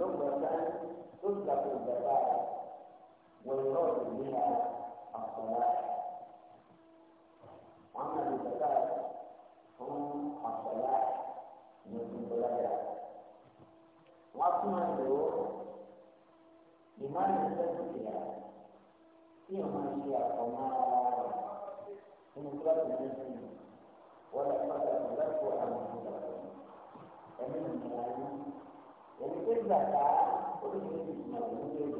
لغة تطلق الزكاة ويراد بها الصلاة وأما الزكاة هم الصلاة من الولاية وأما الزكاة لمن يستطيع فيه من شاء وما من طلب الجنة ولا قدر لك وأنفسكم فمنهم èyí tó gbà ká oríṣiríṣi ìmọ̀ ìwúlò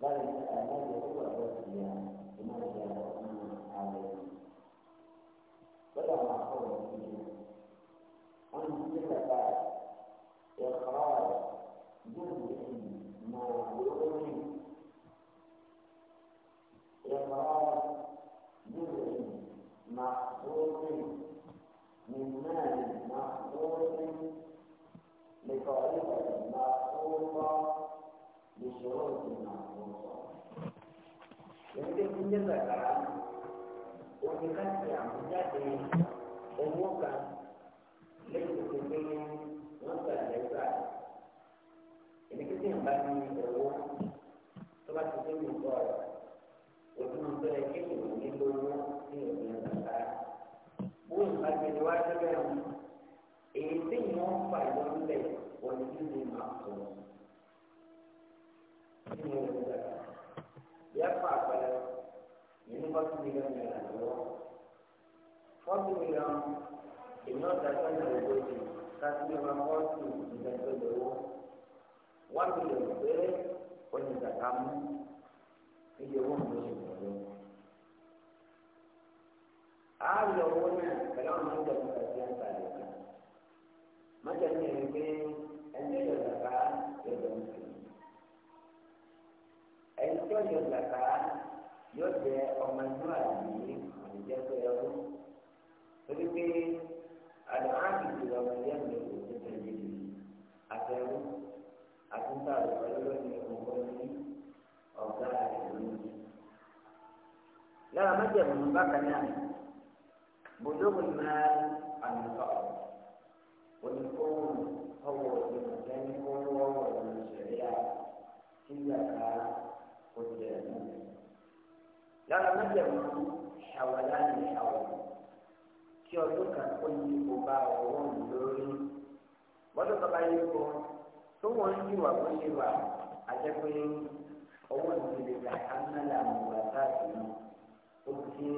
lò láti àìmọ́jọ owó ọ̀dọ́ sí ya ìmọ̀jọ ọ̀hún ààrẹ. lọ́dọ̀ àwọn akọ̀wé yìí wọ́n ti ṣe bàbá ẹ̀kọ́ yóò lè mọ lórí ẹ̀kọ́ yóò lè mọ lórí nínú náà mọ lórí. طريقة معقولة بشروط معقولة يمكن أن نذكر ونقطع بذاته أمورا ليس كثيرا نصر لإبراهيم إن كثير من الأمور طبعا كثير من الصور وكما قلت لك من دونه في الأمور وإن قد يتواجد èyí tí yìí wọ́n fà yọ nílẹ̀ òun kí ni màá sọ kí ni mo gbà yẹ fà pẹlẹ nínú fọ́tí mílíọ̀nù náírà lọ́wọ́ fọ́tí mílíọ̀nù èmi náà ta sọ́nà ògbójì káàkiri ọmọ fọ́tí ìdájọ́ lọ́wọ́ wọ́n ti lè pé onígbàtà mú iye owó mi lóṣù lọ́wọ́. a lọ náà pẹ̀lú àwọn ọmọdé ọmọdé àti àgbàlẹ̀ kan mọ́jà ní ẹni pé. lára mẹ́jẹ̀mú bákan náà bòdókò ní máa àmì sọ̀rọ̀ onífóònù ọwọ́ ìgbìmọ̀jẹ́ ní owó ọwọ́ ìṣẹ̀ríà tí yàrá oúnjẹ mú. lára mẹ́jẹ̀mú ṣàwọ̀lá ní ṣàwọ̀ tí ọdún kan ó yí kó bá ọwọ́ mi bàbá yìí kọ́ tó wọ́n ń yíwà bó ṣe wà àjẹpẹ́ owó ìdílé kàkánná làwọn wà sáà sí náà ó ti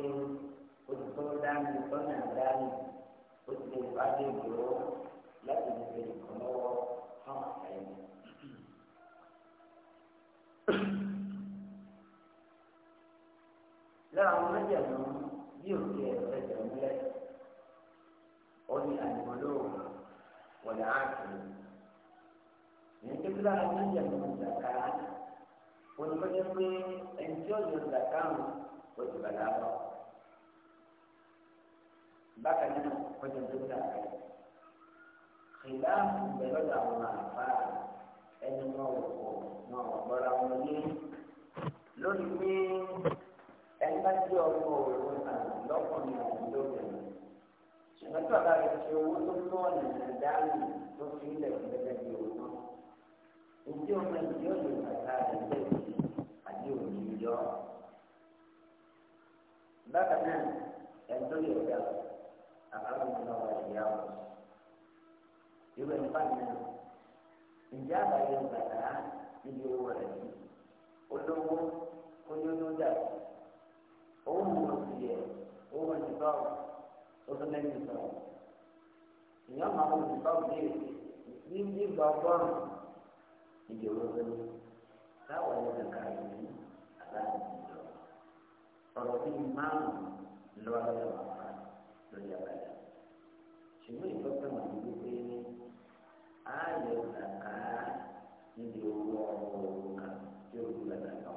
ó ti tó dání lọ́nà dání ó ti lè fàájì ìdúró láti lè fi ìkọ́ lọ́wọ́ fún àtẹ̀yìn. lára àwọn mẹ́jẹ̀mú bí òkè ẹ̀fẹ̀jẹ̀ múlẹ̀ ó ní àdìmọ́lò wọ̀dà áàkì ní kékeré àwọn mẹ́jẹ̀mú ìjàkà ó ní kọ́jọ́ pé ẹni tí ó yọ ìjàkà ń kọjú bàlá wà bákan náà kọjú tó dà bẹ ìlà ìbẹ̀rẹ̀ lọ àwọn àfa ẹni wọn ò kọ wọn ò gbọ́ra wọn yé lórí pé ẹni bá tí ọkọ òun náà lọ́kùnrin àti lóbìnrin ṣùgbọ́n tí ọ̀gá rẹ̀ owó tó tó ọ̀nà ìdáhùn tó fi ilẹ̀ fún gẹ́gẹ́ bí owó náà ìdí omi ìdí òyìnbó àti àdéhùn. bákan náà ẹ̀ńtọ́ yóò dá àkàrà òun náà wà ìyá wọn irú ẹni bá nínú ìjà àbáyé gbàgbà níbi owó rẹ̀ sí olówó olólódà owó mú òsì yẹ owó ìdìbò olólẹ́yìn sọ ìyá máa ń ìdìbò bíi ní gbígbà ọgọ́rùn-ún ìdìbò olówó táwọn ẹ̀ka yìí aláàbò ọ̀rọ̀ bí márùn-ún lọ abẹ́rẹ́ wà fà lórí abẹ́rẹ́. ṣùgbọ́n ìtọ́kẹ́ wọn ni wípé a yọ kàkà níbi owó ọmọ òun kan tí ó gbúdọ̀ dàgbà.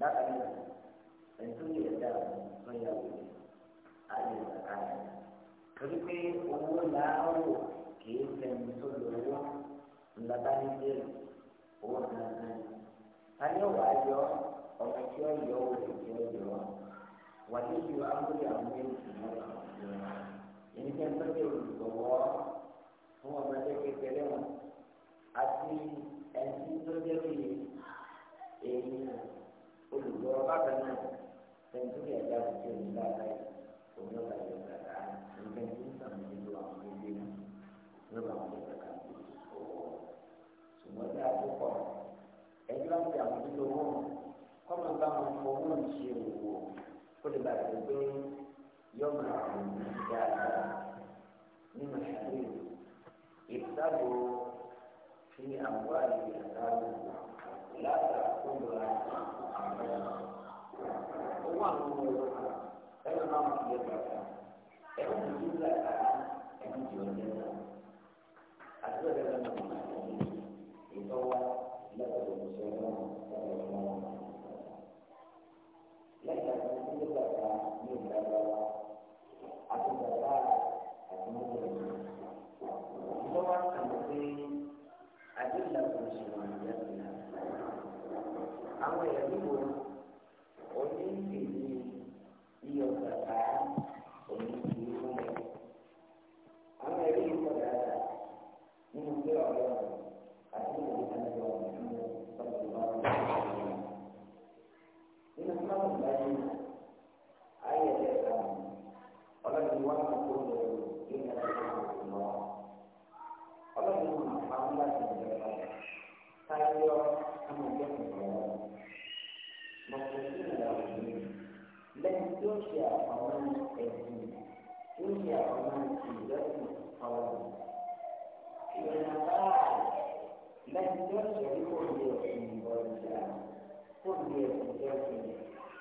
bákan náà ẹni tó yẹ dá wọn yà wò ni a yọ torí pé owó làárọ̀ kìí fẹ́mi tó lọ owó ńlá bá ní bẹ́ẹ̀ owó kan náà. a yọ wàá yọ ọ́ ọ̀nà tí ó yọ owó rẹ̀ tí ó wà níbi amúlé àwọn ènìyàn náà yọ ẹni tẹ́ ń tọ́jú olùsọ̀wọ́ fún ọmọdé kékeré wọn àti ẹni tó jẹ́ bí èèyàn olùgbọ́ bàbá náà tẹ̀síkì ẹ̀dá àti òmìnira báyìí òun ló bá yọ kàkà nǹkan tí ń sàmì nínú àwọn ọmọdé náà ló bá wọn yọ kàkà ṣùgbọ́n tí a tó pọ̀ ẹni láti àwọn ìdílé kọ́mọ bá wọn fọwọ́ ṣe wò kó lè bàa lè gbé yọmọ àwọn dáadáa nínú ìṣàlẹ̀ ìtàbò fi àwọn àyè àtàwọn látà kó lọ àwọn owó àwọn ọmọ yòókù ẹ̀rọ máa ń fi ẹ̀rọ kan ẹ̀rọ ń fi láta ẹ̀rọ ń fi ọ̀dẹ́ náà àti ọ̀dẹ́ náà ń fi ìtọ́wá lẹ́kọ̀ọ́ ìṣẹ̀lẹ̀ náà.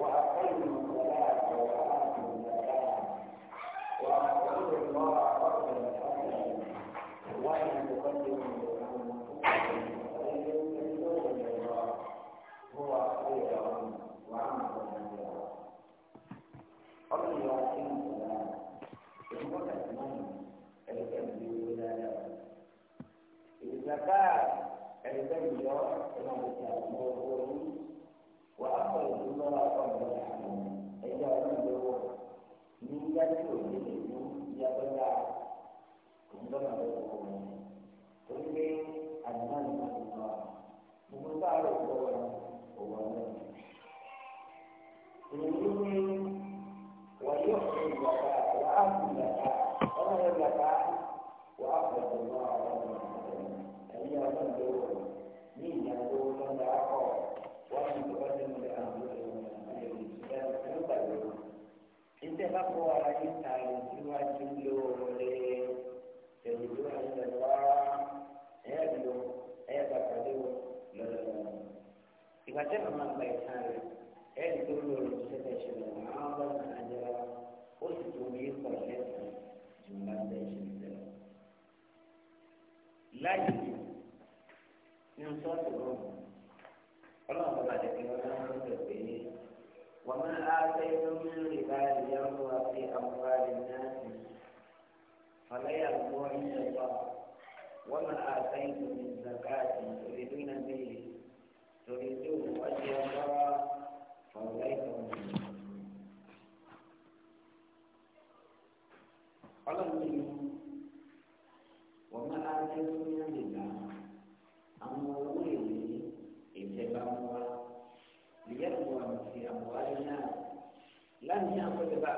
وأقل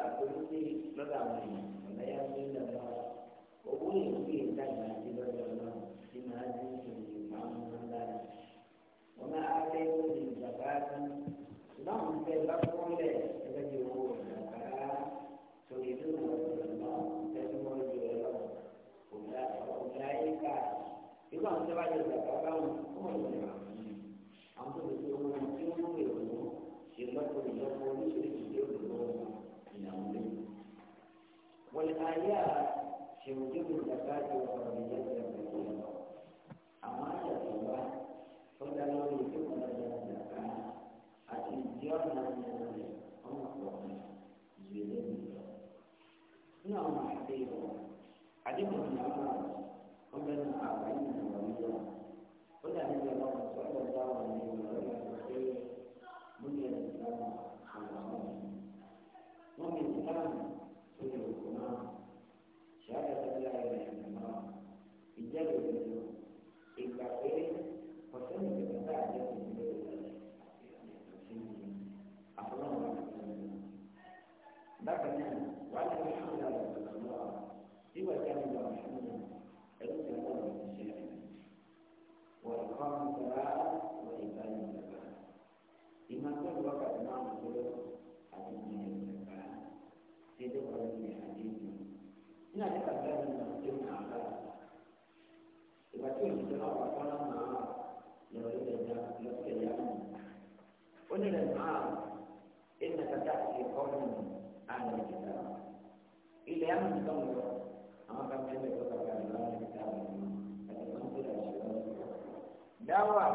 àkókò lọ́dọ̀ àwọn èèyàn ọ̀nà yà ń lọ bá owó ìwé ìdájà àti lọ́dọ̀ náà tí màá di ìṣòro máa ń mú lára. wọ́n máa á fẹ́ wọ́n lè jàpá sí i. ṣùgbọ́n àwọn ìfẹ́ bá kọ́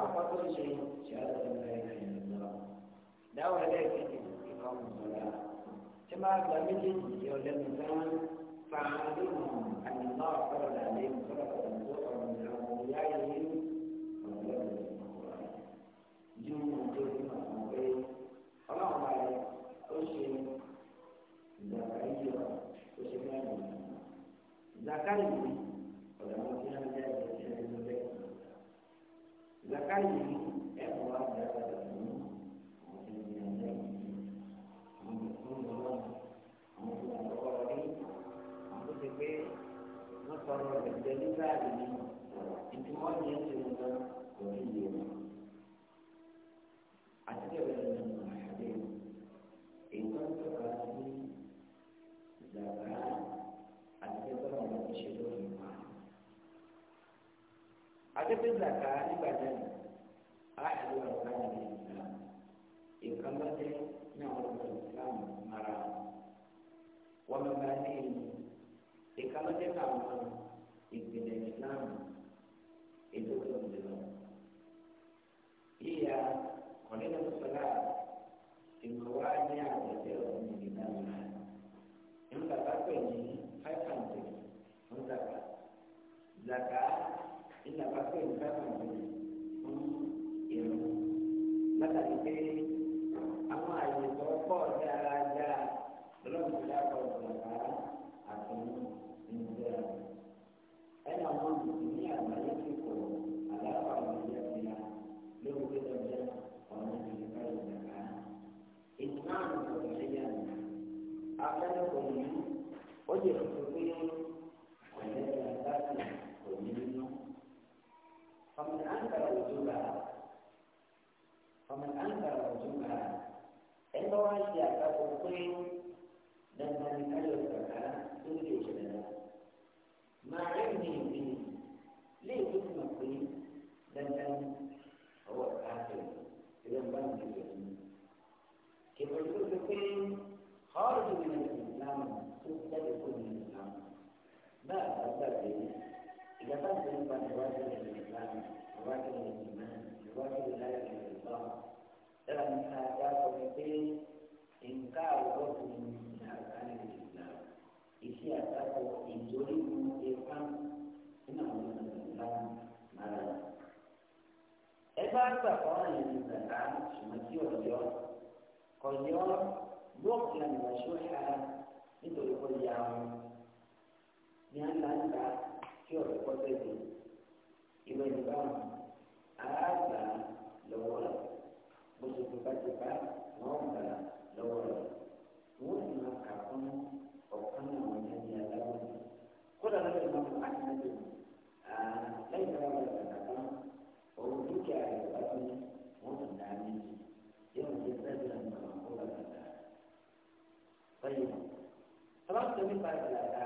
àkọ́kọ́ ṣe ṣàlàyé ìlànà ìlànà dáwọ́ ẹlẹ́ẹ̀kejì ìkọ́ mọ̀lá tí máa gba méjèèjì yọ lẹ́nu gan fàmílì mọ̀ àyìnbá ọ̀pọ̀lọ̀ làlẹ́ ìkọ́lọ̀ tó ọ̀rọ̀ ìlànà ìyá yìí ọ̀rọ̀ ìkọ̀ọ̀rọ̀ ju ojú ìmọ̀ àwọn pé ọlọ́run bá yẹ ó ṣe ìdàgbà yíyọ ó ṣe mẹ́rin ìdàgbà yìí فمن أنكر وجوبها فمن أنكر وجوبها عندما يأتى الطين لما نكلف لها تولي جلالها مع علمه به ليه اسم الطين لما هو الآخر إذا بان بالجسم كيف يقول الطين خارج من الإسلام تستلف من الإسلام ما أصدق إذا كان في الواجب الإسلام الواجب الإيمان الواجب ولاية السلطان ترى من هذا قمتين إنكار ركن من أركان الإسلام إشياء تقوى إنجوري من إيقان إنه من الإسلام مرة ẹgbẹ́ àgbàkọ́ àyè ní gbàgbá ṣùgbọ́n tí ọ̀yọ́ kọ̀yọ́ bọ́ọ̀kì àmìwáṣọ́ ṣá nítorí kọjá wọn ní àgbàǹgbà tí ọ̀rẹ́ pọ́tẹ́ẹ̀dì ìwé ìbámu àgbà lọ́wọ́ rẹ̀ bó ṣe fi bájúbá wọ́n gbà lọ́wọ́ rẹ̀ wọ́n sì máa kà fún ọ̀kan àwọn ẹni aláwọ̀ kódà lọ́wọ́ ìmọ̀ fún àtúntò lẹ́yìn tó wà lọ́wọ́ kàkà òun dúkìá rẹ̀ bá tún wọ́n tún dá méjì yóò ṣe sẹ́yìn àwọn ọ̀kọ́ bàtà. báyìí tọ́lá tó nípa ìlànà.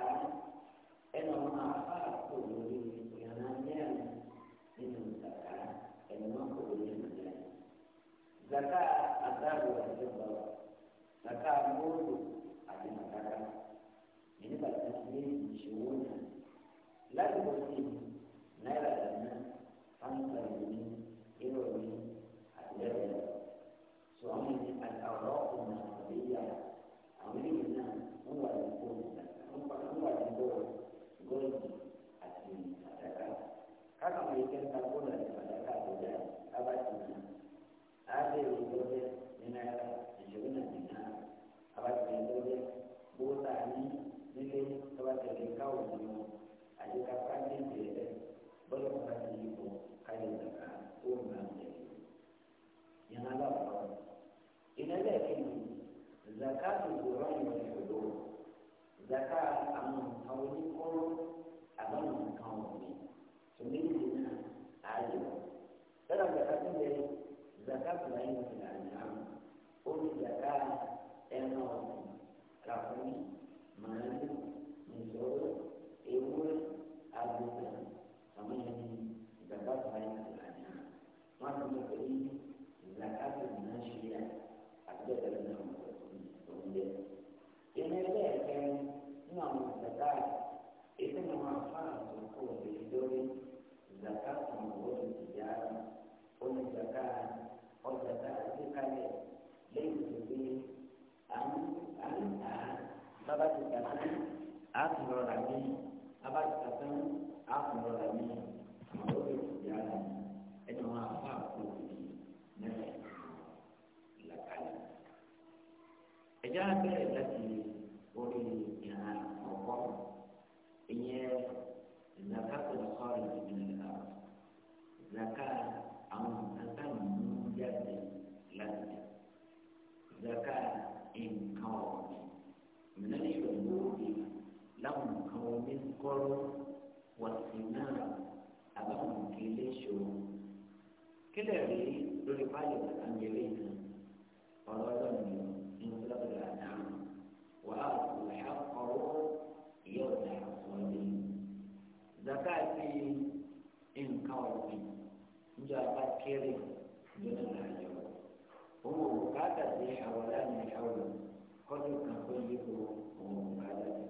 zaka azabu àti ìjọba zaka mọ́tò àti màkàrà ìníbàtà méjì ìṣòwò náà àgbòrò àwọn ìṣòro ìdáká àwọn nǹkan oníkóró àbáwọn nǹkan òní tòmíìtì náà ààyè lọ́dọ̀ gbàgbà tó lè zaka fúláyé fúlá náà ó ní zaka ẹran ọ̀sìn ràfúnì màálù yá bẹ̀rẹ̀ láti orí ìhà ọ̀pọ̀ ìyẹn ìzàkàtò sọ́ọ̀rì ìgbìmọ̀ ìlà ìzàkà àwọn nǹkan táwọn mú jáde láti ìzàkà nǹkan ọ̀gbìn mìíràn yóò gbòógì láwọn nǹkan oníkọ́rọ́ wàsínà àbáwọn kìlẹ̀ ṣòro kílẹ̀ rí lórí báyìí. káàkiri nǹkan ọ̀gbìn níjọ abá kéré lónà láàyò owó bùkátà sí àwọn aláàmì ìyàwó kọ́dún kan tó yí kó owó bùkátà sí.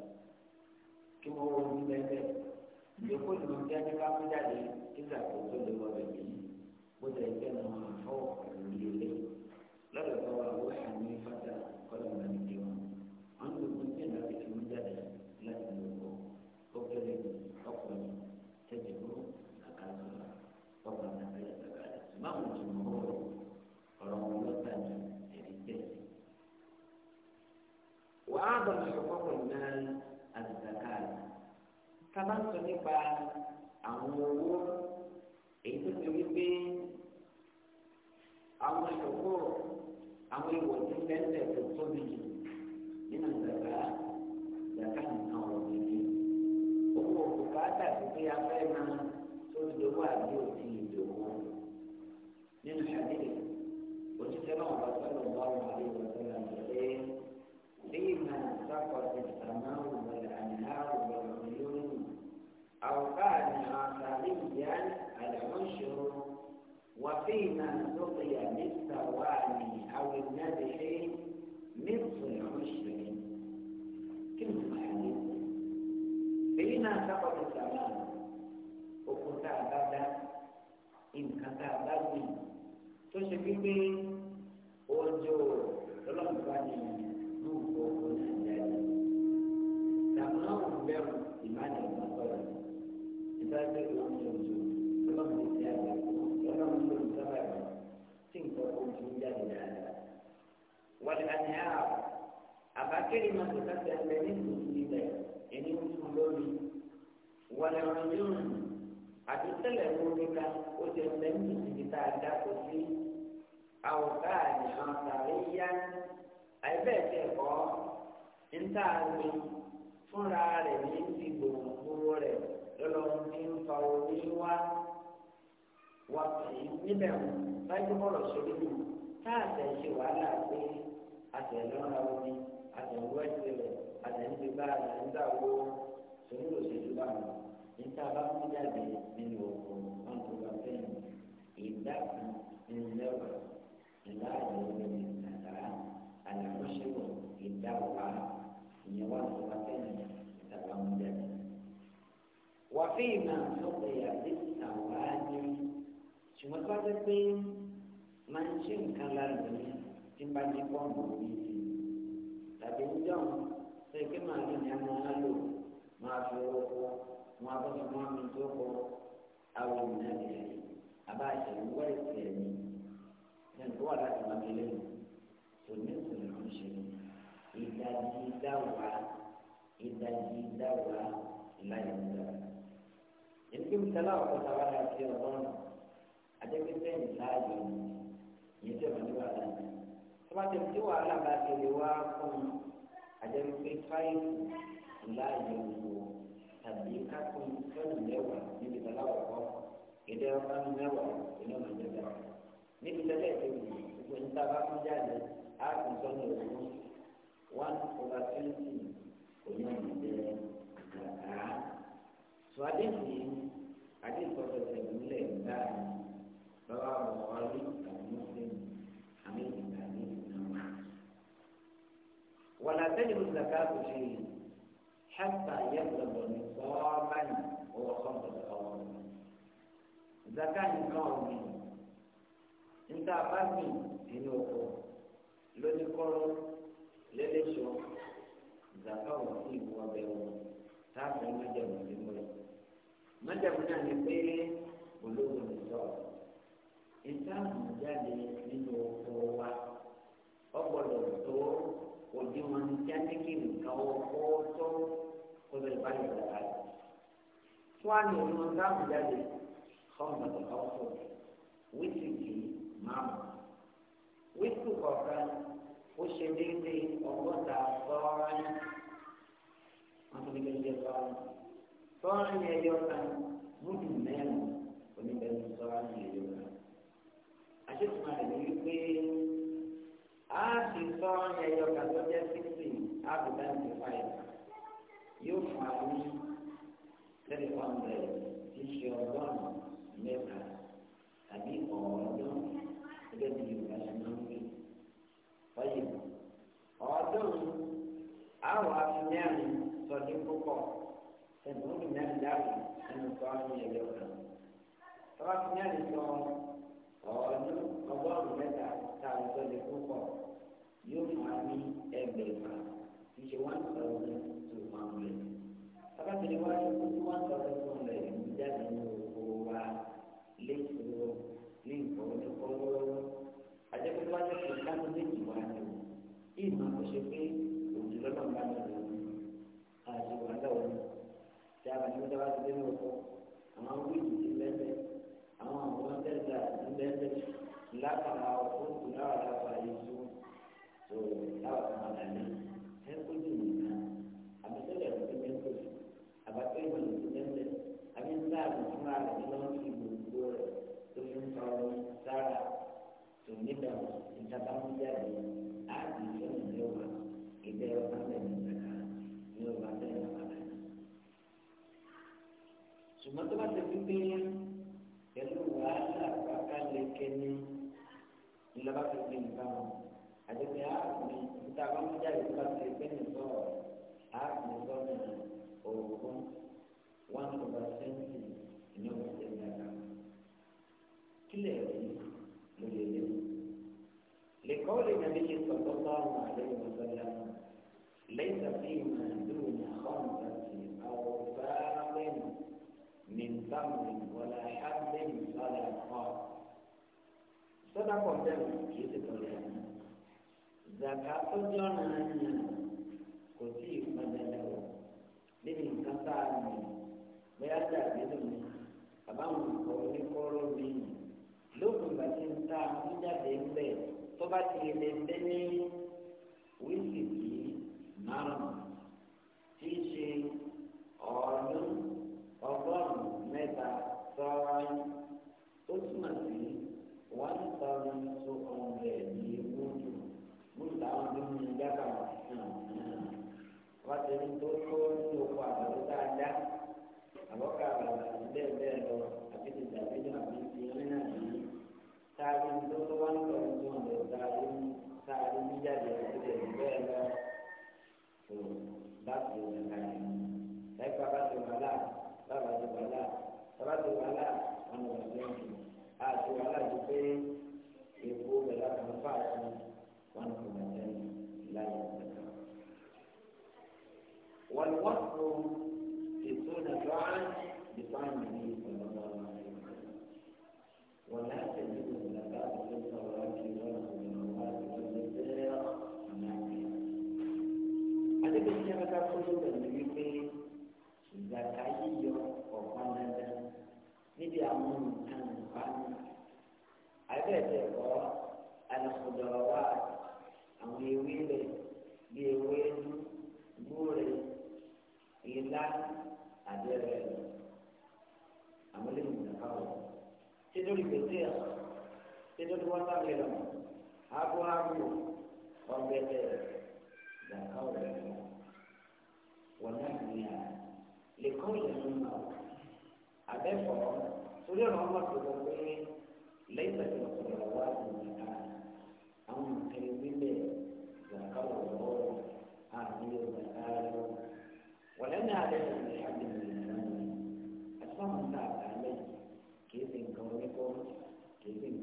kí wọ́n wọ ní bẹ́ẹ̀ ìdókòwò ní ọjọ́ ní bá mú jáde títà kó tó lè wọ bẹ̀rẹ̀ yìí bó tẹ̀ jẹ́ náà fọ́ òun lélẹ̀ lọ́dọ̀ tó wà wọ́n àní fata kọ́dún náà ká bá ń sọ nípa àwọn owó tá a bá gbìn tó ṣe pípé òjò lọ́lọ́mùbá ni yóò fọ ọ̀nà ìdájọ́. Dàmúná òun bẹ̀rù ìmáàlì ọ̀nà sọ̀rọ̀. Ìdájọ́ ìwọ̀n ní òjò lọ́lọ́mùbá ti àgbà lọ́lọ́mùbá ló ń sábà rẹ̀ tí nǹkan ojú ń jáde dáadáa. Wọ́n á ní àá àbákẹ́rì máa ti ká ti àgbẹ̀ ní ìlú ìlẹ̀ ẹni ń fún lórí. Wọ́n á ní àdúntẹ̀lẹ̀ omi kan ó ti lẹ́yìn ibi tá a dáko sí àwòká àdìhàn tàbí yá àìbẹ́ẹ̀ tẹ̀ kọ́ níta àgbè fúnra rẹ̀ ní ti gbòǹgbò rẹ̀ lọ́lọ́run ti ń fa omi wá wá sí níbẹ̀ wọn báyìí bọ́lọ̀ sórí mi káàtẹ̀ ṣe wàhálà pé àtẹ̀lọ́ra omi àtẹ̀wọ́ ẹ̀sẹ̀ rẹ̀ àtẹ̀ńgbẹ́gbà àtẹ̀ńgbà wo sórí òṣèlú báwọn níta bá mú jáde nínú oko wọn kò lọ fẹ́yìn ìdá kan nínú mẹ́wàá ìlà ìlú ní àtàrà àlàkóṣèwò ìdá wà ìyẹn wà kó lọ fẹ́yìn níta bá mú jáde. wàfẹ́ ìmọ̀ àtọ́kọ̀ yà sí àwọn àní ṣùgbọ́n bá dé pé máa ń ṣe nǹkan lára mi tí bá ní bọ́ọ̀mù mi sí tàbí ń jọ̀ọ́ pé kí màá lò ní àwọn aláàlò máa fi owó kọ́ wọn abọ́dọ̀ máa ń tó kọ àwọn ènìyàn rẹ̀ àbá àṣẹ wọ́n ẹ̀sẹ̀ mi ẹni tó wà láti máa fi lẹ́nu tó ní ìsìn ló ń ṣe ìdajì dáwà ìdajì dáwà láyé nígbà. ètò ìtàlá ọ̀pọ̀ táwa la fi ọ̀rọ̀ adékẹ́tẹ́ ìsáàyè yìí tẹ̀ wọ́n ní wàhálà yìí. tó bá tẹ̀ tí wàhálà bá ti wá fún un adékẹ́tẹ́ fáìlì láàyè òwò tàbí kakùn fẹ́ẹ̀lì mẹ́wàá níbi tọ́lá ọ̀pọ̀ èdè ọ̀pá mẹ́wàá iná máa jẹ́ bẹ́ẹ̀. níbi tọ́lá ìkejì gbogbo níta bá fún jáde á kùn sọ́nà òkú one over twenty oní ọ̀nà jẹ́ àgbàgbà. sùwádìí ni àdéhùn ọ̀sẹ̀ ìmúlẹ̀ ńlá bàbá àmọ̀wárí àti mùsùlùmí àmì ìgbà ní ìgbà wọn. wàlá tẹ́lẹ̀ mú حتى يبلغ نصابا هو خمسة أوامر إذا كان قومي أنت أفهمي لليشو zaka wò sí ìwọ bẹ wọn táàbù májàmú ní mọ ẹ májàmú náà ní pé ológun ní sọ ìtààmù jáde nínú oko kí nǹkan ọkọ tó. kó lè bá ìgbà láàyè. tí wọ́n á ní òun ọ̀gá àmújáde kọ́ńtà tó kọ́ fún mi wíìsì kì í máa mọ̀. wíìsì kọ̀ọ̀kan ó ṣe déédéé ọgọ́ta sọ́ọ́rán wọ́n tún lè jẹ sọ́ọ́rán. sọ́ọ́rán yẹn yọ kan múdù mẹ́rin oníbẹ̀rù sọ́ọ́rán yẹn yọ kan. àṣetùmọ̀ rẹ̀ ni wípé a ti sọ́ọ́rán parí na wọn rẹ̀ ti ṣe ọgọ́rùn mẹ́ta tàbí ọ̀ọ́dún gẹ́gẹ́ bí yorùbá ṣe máa ń pè wáyé ọ̀ọ́dún àwọn afinẹ́rin sọdún púpọ̀ ẹnu mẹ́rin dáhùn ẹnu afinẹ́rin lama na hukunku na wala bayi su to lawa kuma da ne sai kuji ne na a bisa da yanzu ne kuji a bakin wani kudin da abin za a mutu ma da kilanci gugu da sun sauri tsara to ni da in ta samu jari a ji shi ne yau ba idan yau ba da ne daga yau ba da yau ba da ne. Sumatu ba ta fi लगा सकते हैं ऐसे में यार इंस्टाग्राम में क्या दिक्कत bá bọ̀ bẹ́ẹ̀ kì í ti tọ̀lé àná. Zàkà tó jọ́ náà yàn kò tí ì pọn dandan o. Níbi nǹkan tá a nù bóyá tí a gbé lómi, àbáwọn nǹkan oníkóró mi lókun ìgbà tí ń ta ń jáde ń tó bá ti lè dé ní wíìsìkì márùn tí ṣe ọ̀ọ́dún ọgọ́rùn-ún mẹ́ta sọ́ọ́rọ́ ó sí one thousand two hundred ní wúdù wúdù táwọn tó ń yin dábà wọ́n ti ń tó tó ní oko àbẹ̀wò dáadáa àbọ̀kà àbàlà bẹ́ẹ̀ bẹ́ẹ̀ lọ àti ti dàbí ní àbí ti rìn náà yìí táàbí ń tó tó one thousand two hundred táàbí ń táàbí ń jáde àti tẹ̀lé bẹ́ẹ̀ lọ. ဒါကိုလည်း láti pé èkó bẹ̀rẹ̀ kan fáàtì wọn kò mọ̀ sẹ́yìn láyé ìgbà. wọ́n wọ́n tó ètò nàìjíríà nípa ìrìn ìpàdánù àwọn àìsàn. wọ́n láti ní ìgbà láti lè sọ̀rọ̀ láti lọ́nà ìgbà láti lè bẹ́ẹ̀ àmì àmì. adébẹ̀yẹ bá ká kọ́jú pẹ̀lú wípé ìgbà ká yíyọ ọ̀pá dandan níbi àwọn bẹ́ẹ̀ kọ́ alùpùdọ̀wà àwọn ewé rẹ̀ bí ewé ẹnu gbúre ilá àbẹ̀rẹ̀ àwọn eléyìí nìkan wọ̀. títúrì gbèsè ẹ̀ títúrì wọ́tà mẹ́lọ̀ hábúhábú ọ̀gbẹ̀dẹ̀ nìkan wọ̀ wọ́n náà nìyà lè kọ́ ìyẹn nínú àbẹ̀fọ́ torí ọ̀nà ọmọ tó wọ pé lẹ́yìn ìgbà tí wọ́n ti gbà wá ìyẹn náà àwọn nǹkan ìwílẹ̀ ìgbàkáwọ̀ lọ́wọ́ àmì ìgbàkáwọ̀ wọ̀lẹ́ ní alẹ́ ìrìn àjò ìrìn àjò àti fáwọn náà àlẹ́ kì í ṣe nǹkan oníkọ́ kì í ṣe nǹkan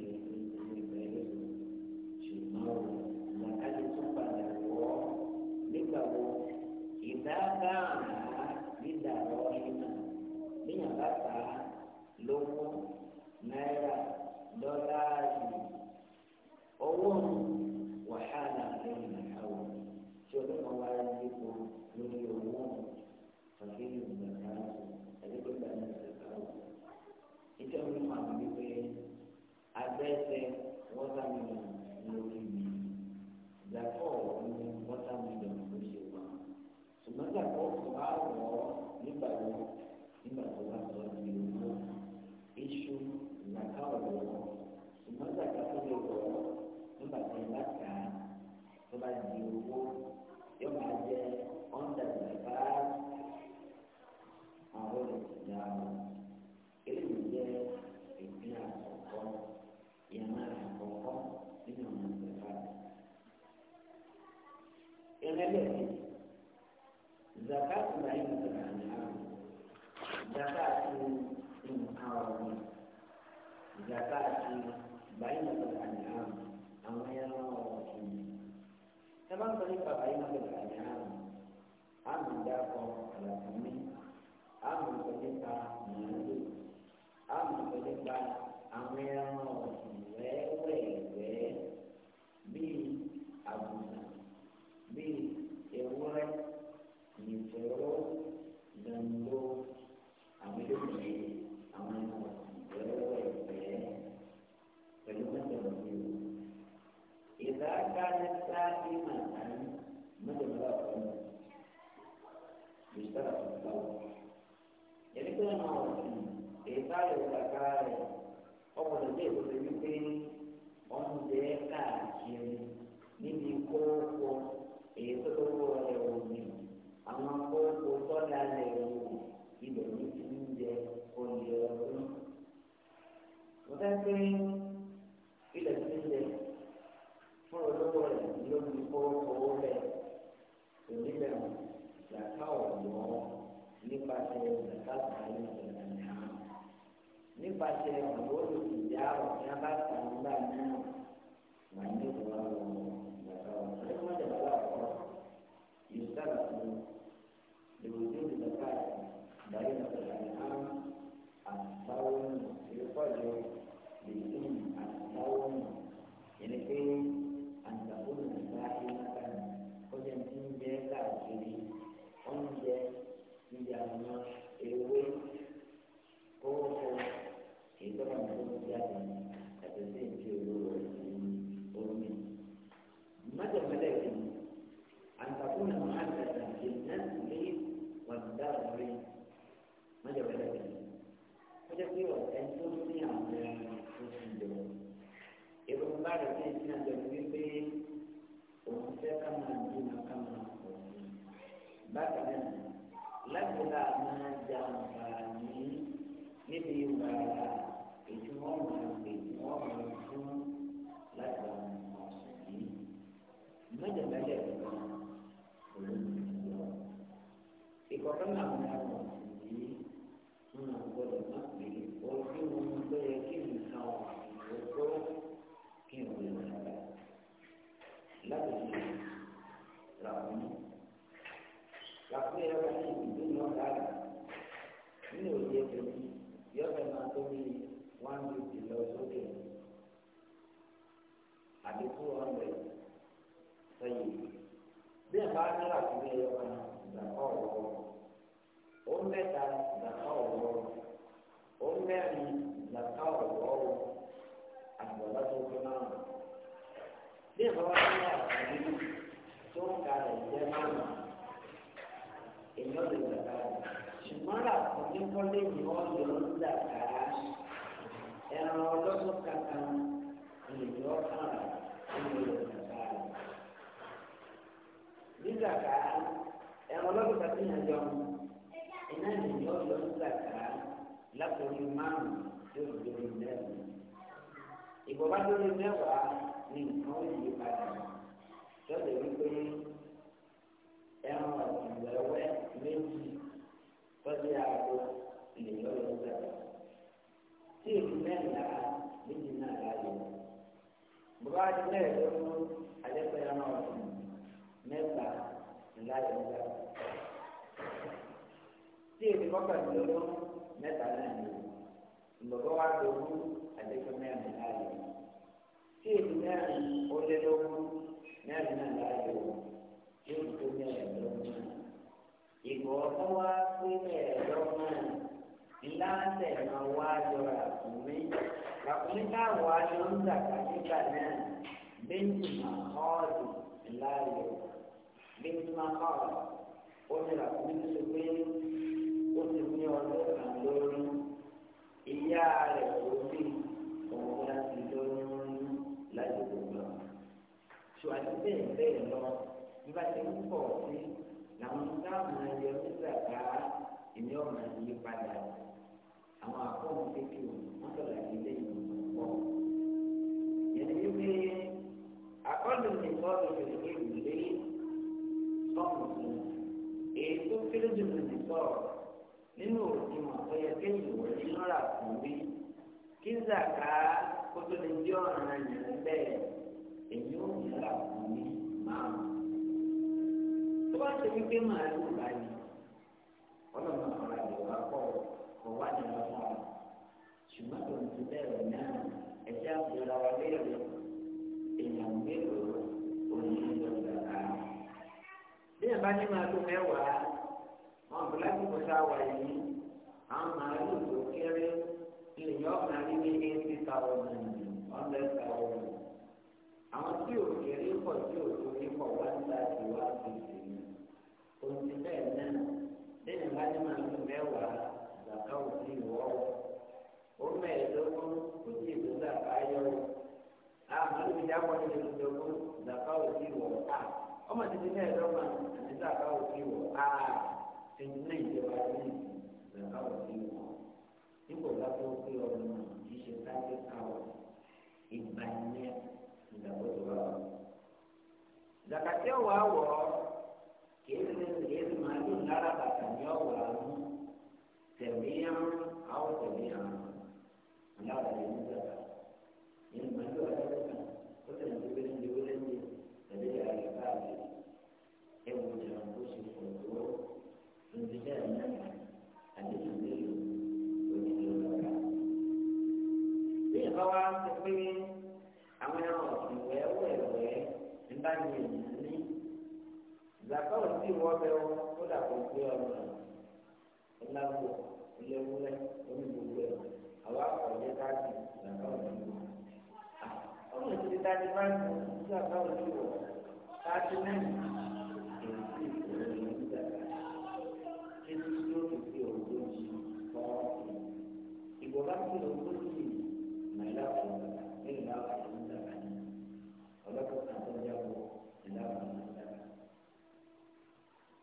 kọ́lé ní ọ̀yọ́ ńlá ká ẹran ọlọ́dún kankan ìlú ọ̀kan ìlú ọ̀kan. Nígbà ká ẹran ọlọ́dún kankan yẹn jọ iná ìlú ọ̀yọ́ ńlá ká lápòrí márùn-ún tó lórí mẹ́rin. Ìbọ̀bá lórí mẹ́wàá ni nǹkan ó yí padà. Sọ́dọ̀ wípé ẹran ọ̀gbìn wẹ́wẹ́ méjì tọ́jú àgbo ènìyàn yọ ọjà tí èmi mẹ́rìnlá méjì náà láàyè bàbá àti mẹ́rìndínlógún àjẹpẹ́yà náà ọ̀sìn mẹ́ta láàyè ọjà tí èmi mọ́kànlélógún mẹ́ta náà ní bàbá wa dògún àjẹpẹ́ mẹ́rin láàyè tí èmi mẹ́rin ó mẹ́rin náà láàyè yóò tó mẹ́rin lógún ìgbọ̀ ọ̀tún wá sí mẹ́rin lọ́gbọ̀n ìlànà ẹ̀ma wá yọrọ àkùnmí àkùnmí káwọn aṣọ ń dàgbà nígbà náà bíntì màkọ́ọ̀dù láàyò bíntì màkọ́ọ̀dù ó ní àkùnmí tó ṣe pé ó ti ní ọdún kan lórí ìyá rẹ̀ tó bí òun láti lóyún láti gbogbo ṣùgbọ́n bẹ́ẹ̀ bẹ́ẹ̀ lọ nígbà tí ń pọ̀ sí làwọn táwọn ẹyẹ ń dàgbà ìní ọ̀nà yí padà sí àwọn àkọ́wọ́ kékeré wọn sọ̀rọ̀ àti lẹ́yìn ọ̀pọ̀. yẹn ni pé àkọ́lù ní sọ́ọ̀tù rẹ̀ ní ìwúlé sọ́ọ̀tù fún ètò kéréjì ní sọ́ọ̀ nínú òfin ọ̀pẹ̀yẹ kéyìn wọ̀ nínú rà fún mi kí zàká kó tó lè jẹ́ ọ̀ràn àyàn bẹ́ẹ̀ èyí ò ní rà fún mi máa. tó bá ṣe wípé màálù báyìí ọlọ́run àwọn àgbẹ̀ wá kọ̀ ọ̀ wá ní bẹ́ẹ̀ náà ẹ̀jẹ̀ àbúrò wa léèrè èèyàn mélòó oníyẹ̀dọ̀ gbàgbà. bí ẹ̀ bá ní máa tó mẹ́wàá wọn kò láti kó sá wà yìí àwọn màálù tó kéré èèyàn máa rí ní eighty thousand hundred thousand. àwọn tí ò kéré pọ̀ tí ò tó ní pọ̀ one thirty one fifty òun ti bẹ́ẹ̀ náà bí ẹ̀ ní máa tó mẹ́wàá gbàgbà òsì ìwọ́ ó mẹ́ẹ̀ẹ́dógún kò tí ì tó dàbá yọ ọ́ àmọ́ níbi dáwọ́ ní ìdógún dàbá ò sí wọ̀ á ọmọ títí mẹ́ẹ̀ẹ́dọ́gbọ̀n àti dàbá ò sí wọ̀ á twenty nine ìjọba ní dàbá ò sí wọ̀ nípò lára rẹ̀ ní ìjàmbá nínú màálù alágbèsàn ó tẹ̀lé gbogbo ní ìdíwó lẹ́yìn tẹ̀lé ìyá rẹ̀ káàkiri ẹ̀wù ìjàmbá tó ṣe fò tó ń ti jẹ́ ìyàmbá àdéhùn lélu òdìdí ọ̀gá. bí ìbá wa ti pé àwọn ẹran ọ̀sìn wẹ́wẹ́wẹ́ ń bá ní ènìyàn ní ìgbàgbọ́ òsì wọ́n bẹ́ẹ̀ ó dàbọ̀ pé ọ̀nà ńlá wò wá ọ̀yẹ́ dájú ìgbàgbọ́ òní wò. ọmọ ìdílé dájú bá ń bọ̀ sí àgbà òní wò dájú mẹ́rin èyí sì ìṣòro ní ìgbà jésù tí ó fi fi ògbójì kọ́ ọ̀sìn. ìbò bá fi ògbójì màílà fún nínú àwọn àwọn ìdàgbà ní ọlọ́kùnrin àtọ́jà wọ ìlà àwọn ìdàgbà.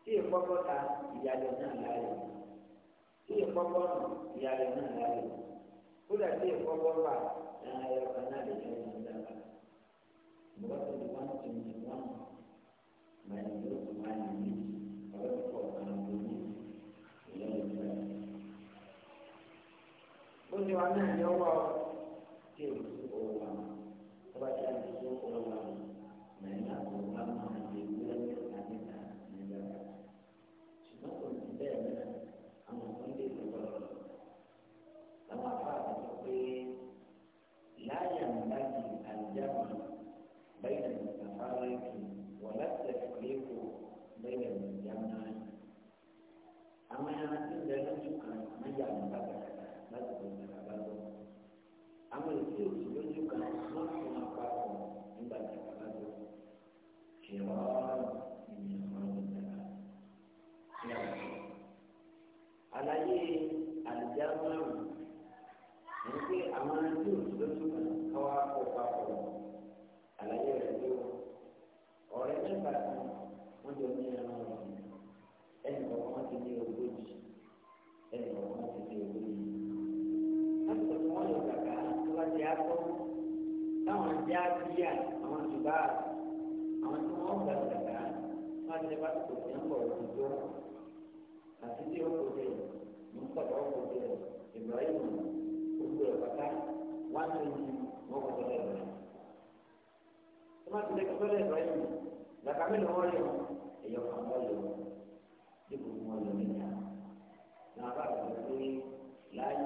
tí ìkọ́kọ́ ta ìyàlẹ̀ náà láyọ̀ tí ìkọ́kọ́ nù ìyàlẹ̀ náà láyọ̀ kódà tí èkó bọ́lá ẹ̀rọ kan náà lè jẹ́ ìwọ̀n dára bọ́lá tó di one twenty one máa ń lò máa ń yí ọ̀rọ̀ tó pọ̀ kan lórí ìyá ìgbà. ó ní wa náà yọ wá máa tẹ bá tó ní ọkọ̀ òdòdó àti tí ó kò jẹ ní pọ̀tọ́ kò jẹ Ibrahim gbogbo ẹ̀ pátá wọ́n ti ní wọ́n kò tọ́lẹ̀ Ibrahim. tó máa ti lè tọ́lẹ̀ Ibrahim làkà mélòó wọ́n yọ ẹ̀yọ̀ kan wọ́n yọ dípò wọn lọ níta. làbá àgbẹ̀ pé láàyè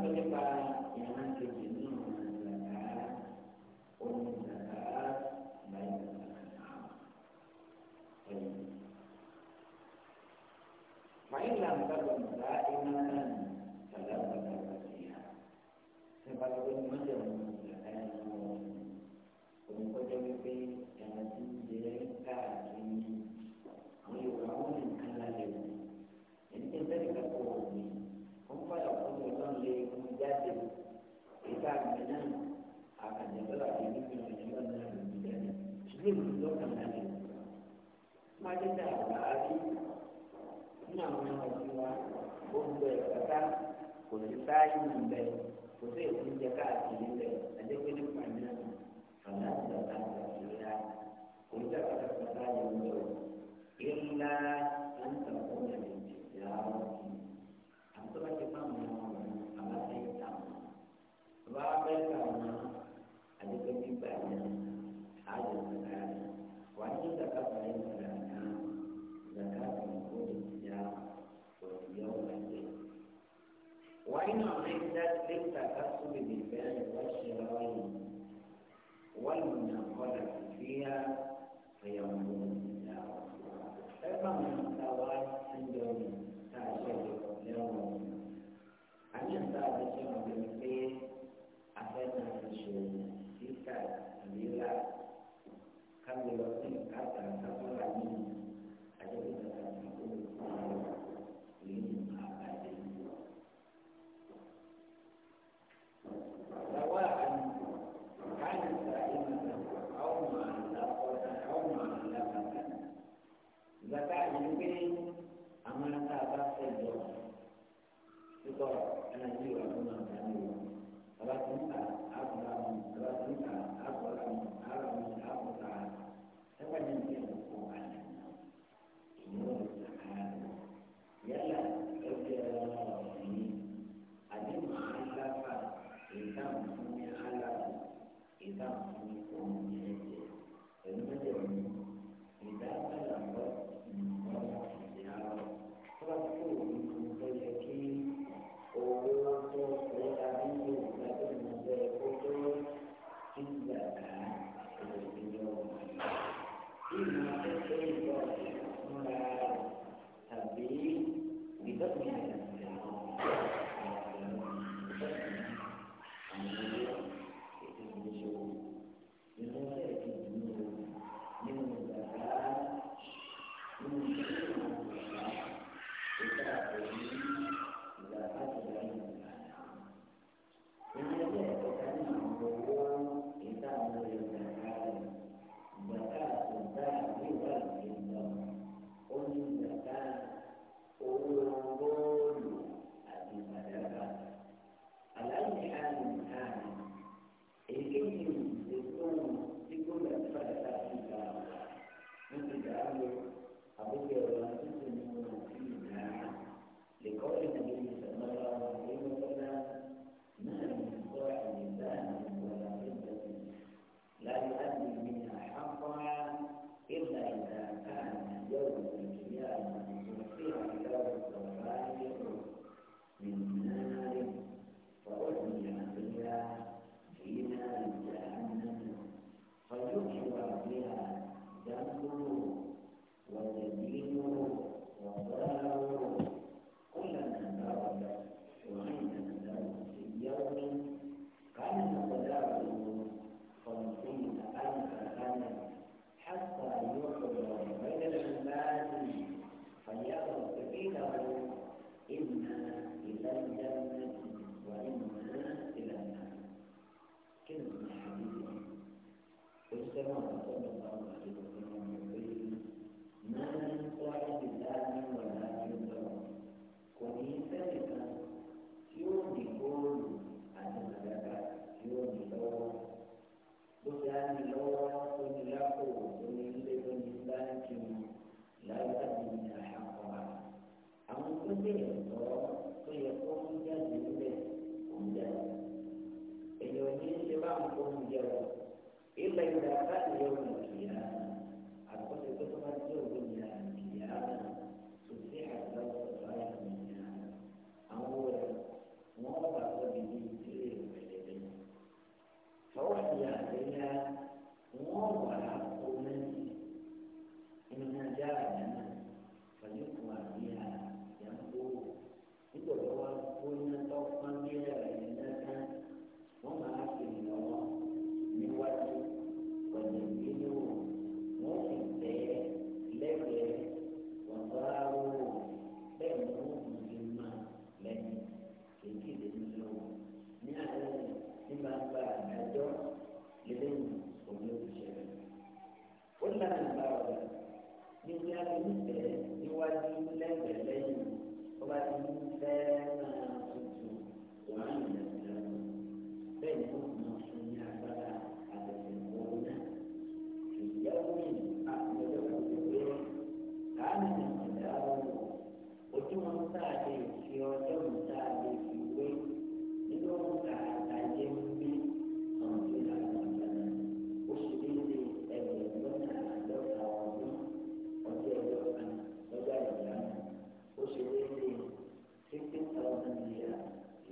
nípa kò sí sáájú níbẹ̀ kò sí èsì jẹ káàkiri bẹ̀ ẹ̀dẹ́gbẹ́ nípa náà àti àtàkùn àti ìlera kò sí àkàtà pàtàkì ìlú ìlà.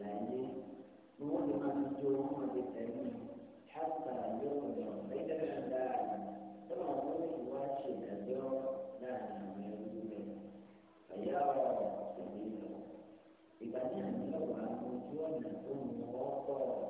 لأنه هو لما تجوهم بالتأمين حتى يوم بين الأنداعي ثم هو يواجه اليوم لا يجوز فيرى سبيله إذا كان لو أن وجودنا ثم وقر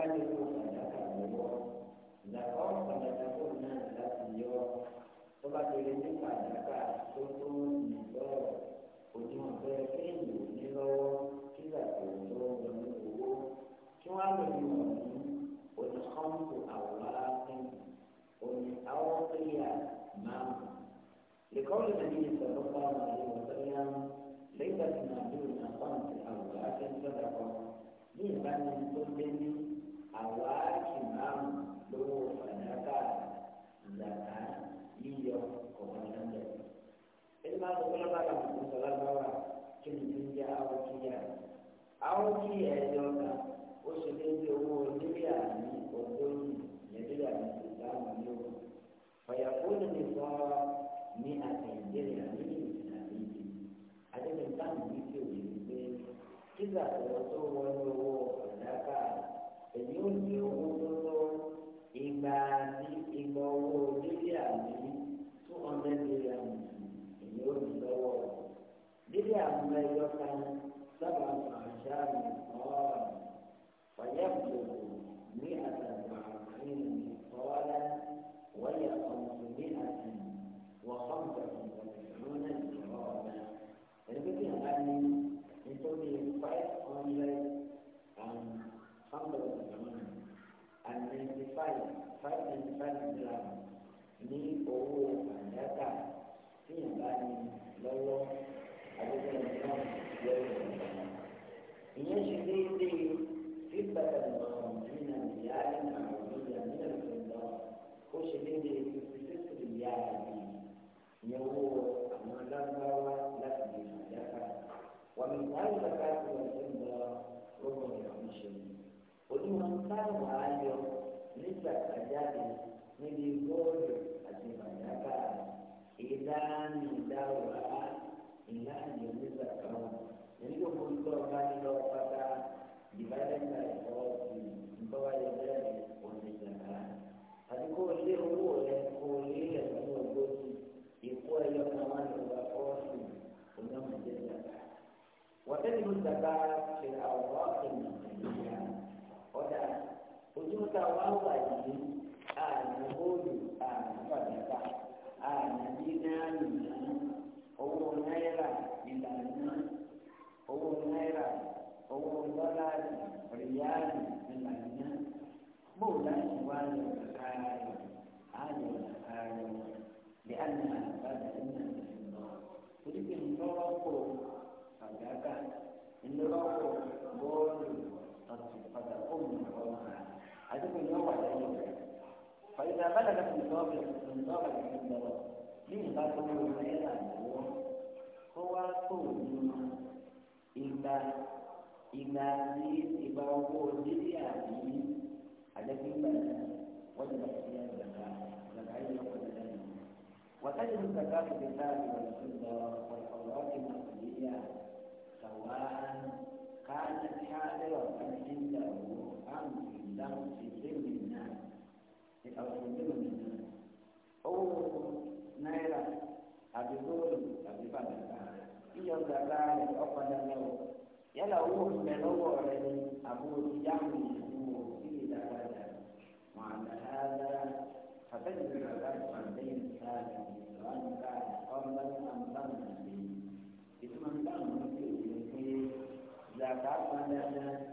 jáde kó sàdáka lọ́wọ́ ìdàkọ́ sàdáka kó náà láti yọ tó bá tẹ̀lé ní sàdáka tó tó nìjọ́ òdiwọ̀n bẹ́ẹ̀ kéèyàn ní lọ́wọ́ kí gbàgbé tó wọlé owó kí wọ́n á lò ní wọ̀nyí oníkọ́ńtò àwòrán oní àwọn péyà máa ń lèkọ́ lè nàbí ìsọ̀rọ̀ pa ọ̀nà ìwọ̀n sẹ́yìn lẹ́gbàá tí nàbí ìnà pọ́ǹtì àwòrán ṣe ń sọ̀rọ̀ kan ní ìbánisọ́ lé ní àwáàkì márùn lówó fàdákà zàkà yíyọ ọ̀pọ̀ lọ́dọ̀. ẹni máa tó kọ́lá bá kàmú fún sọlá báwà kí ni ti ń jẹ́ àwòkíyà. àwòkíyà ẹ̀yọ kan ó ṣe déédé owó nàìjíríà ní ogójì nàìjíríà ní ìsìlámù ní o. fàyàfóònù ní sọ ní àtẹ̀jẹ̀rẹ̀ àní ìsìlámù yìí. adébẹ̀ntàn yìí ti òye wípé kí èyí ó ní òdodo ìgbà àti ìgbà owó dídí àmì two hundred million èyí ó ní lọ́wọ́ dídí àmì ẹyọ kan sábà fàáṣá mi ọ̀ọ́n wàyẹ̀ kúrò ní àtàgbà àmì ọ̀ọ́lá wọ́yẹ̀ and ninety five five ninety five gram ní owó àdáta tí yàn bá ní lọ́wọ́ àdúgbò náà lọ́wọ́ ìgbà. ìyẹn ṣe déédéé fífàtà náà nínú ìyá nínú àwọn ìyá nínú ìgbà ó ṣe déédéé fífàtà ìyá àbí ìyẹn owó. wà á yọ nígbà pàjáde níbi góòlù àti màdáka ìdáhùn ìdáhùn á ìlànà onígbà kan èyí tó kó nígbà ọba nílọ pátá divided by forty nígbà wáyé bẹ́ẹ̀ onígbà kan àti kó o lé owó rẹ kó o lé ẹ̀sìn ogójì ìkó ẹyọ kan wá ní ọba forty onígbà kan wọ́n tẹ́lẹ̀ ní ìgbà ṣe àwọn ọ̀rọ̀ ojú ta wá wà yìí àná bóòlù àná fàdákà àná dínáàlì náà owó náírà ìlànà owó náírà owó dọ́là rìyáàlì. ìgbà tí ìgbà owó délé àbí àjẹpínpẹ̀ wọ́n ti bàtí sí àgbàkà àgbàkà yìí lọ́kọ̀ dáadáa nù. wàtájú ní kàkà fìdí káàdì wọ̀nyí tó lọ ọ̀rọ̀ ọ̀kẹ́ nàìjíríà sàwá káàdì káàdì ọ̀kan ìjà owó àmì ìdáhùn ti dèmí náà ìkàwé dèmí náà. owó náírà àbí góòlù àbí bàtàkà ìyọ̀ gbàgbà rẹ̀ ọ̀pọ̀ dáadáa yálà owó ìgbẹ́ lọ́wọ́ rẹ ni àbúrò ti dáhùn ìṣòwò sí ìdáradà wọn àdáradà fàtẹ́jì ìrọ̀lá ìpàdéyìn sáàdì ìrọ̀lá ọ̀nà àǹtàn àti ìtumọ̀ àǹtàn àti òye pé zàkà padà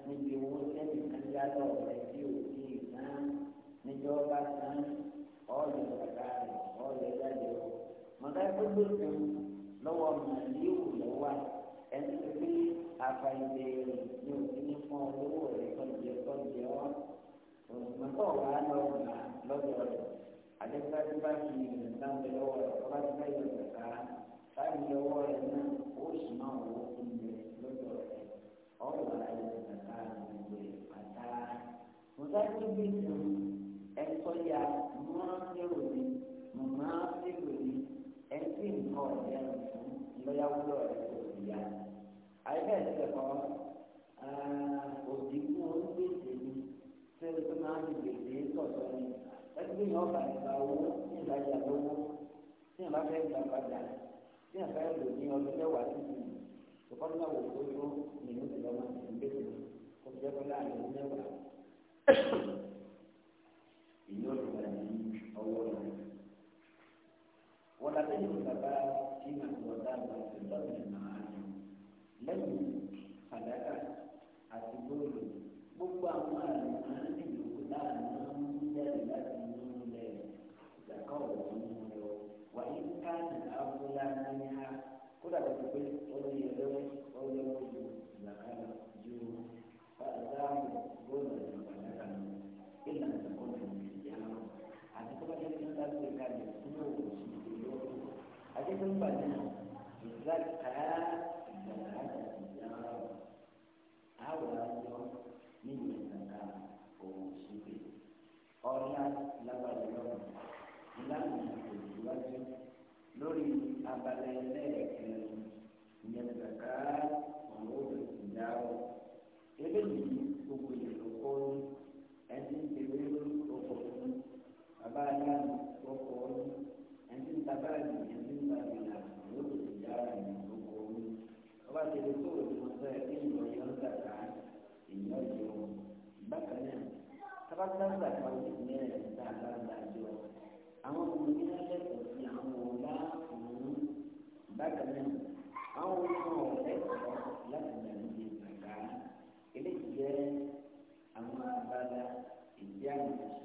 níbi owó sẹ́yìn kájá lọ́wọ́ rẹ tí ò sí ìná níjọba san ọ̀lẹ̀ zàkà rẹ̀ ọ̀lẹ̀ jáde ọ̀ mọ̀tá ẹgbẹ́ gbòòrò lọ́wọ́ màlíù lọ́wọ́ ẹni tó fi afẹ́lẹ́rẹ́ ní fún olówó rẹ̀ kọ́jẹ́ kọ́jẹ́ ọ́ òṣùmọ̀tò wà lọ́gbà lọ́dọ̀ rẹ̀ àdébùtà bá fi ìrìnà bẹ lọ́wọ́ rẹ̀ ọba tí báyìí ọ̀sẹ̀ ká báyìí lọ́wọ́ rẹ̀ náà ó sì máa wọ ilẹ̀ lọ́dọ̀ rẹ̀ ọ̀wà ìrìnà ká gbogbo ìpàtà. mọ̀tà tó gbé sùn ẹ̀tọ́ ya máa ń lérò ní màmá lérò ní ẹ̀sìn nǹkan ọ̀dẹ́ àti lọ́yàwó lọ́ọ̀rẹ́ òbí yá àyè bẹ́ẹ̀ ti tẹ̀ goma da kwanaka illa da kwanaka da yawa a ta kuma da yin zasu da kare kuma wuce da yawa a cikin bana zaka da hada yawa awa yau ni ne zaka ko wuce da ọlá lábàlẹ̀ lọ́wọ́ ìlànà ìwájú lórí abalẹ̀ lẹ́ẹ̀kẹrin ìyẹn zaka ọ̀rọ̀ òbí ìdáwọ̀ eléyìí. abájáde àtàwọn ìpínlẹ̀ rẹ̀ tá a bá gbàjọ àwọn ọmọdé lẹ́kọ̀ọ́ sí àwọn ọ̀la òun bákan náà àwọn ọmọ ọ̀lẹ́kọ̀ọ́ láti gbàgbé ìgbàgbá eléyìí jẹ́ àwọn abala ìdí àgbàjọ.